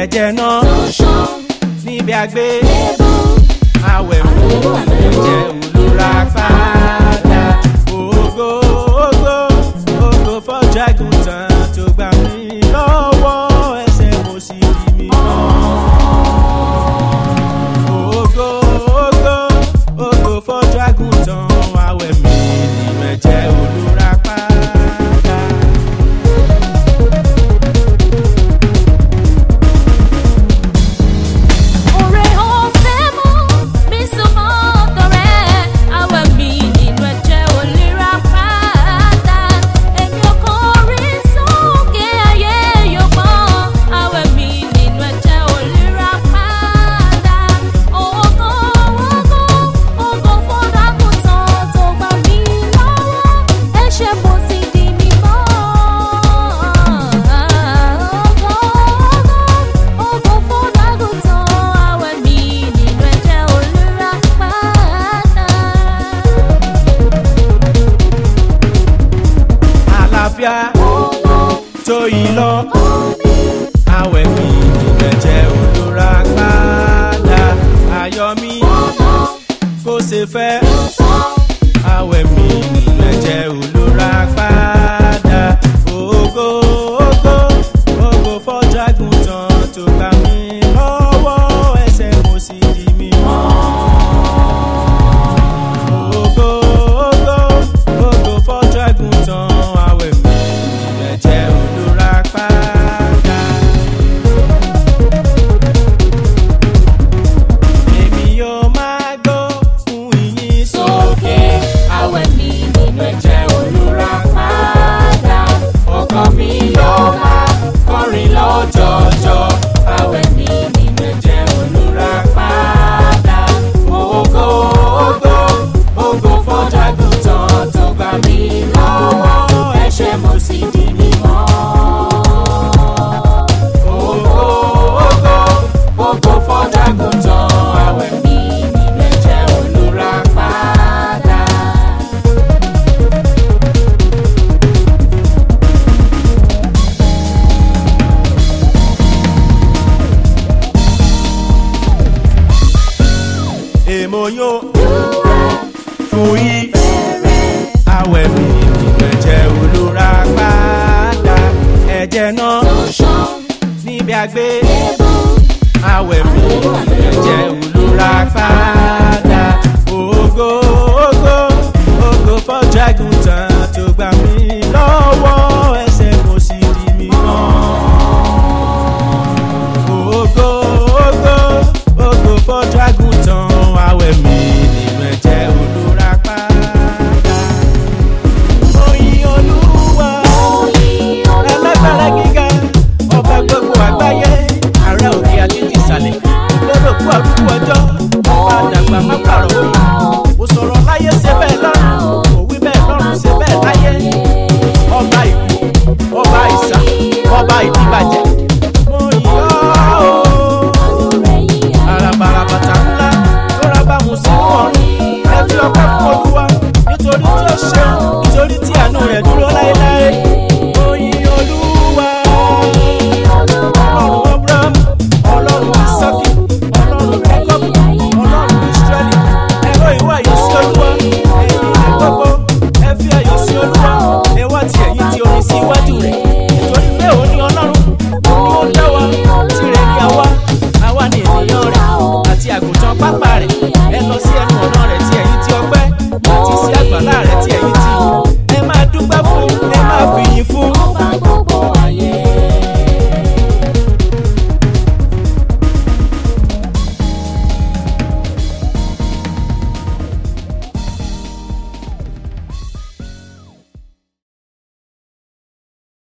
ẹ̀jẹ̀ náà níbi àgbé àwẹ̀ fún ẹ̀jẹ̀ olóra pátá ògo ògo ògo fọ́jà ìgùntàn tó gbà mí. afia. Toyin lọ. 朋友。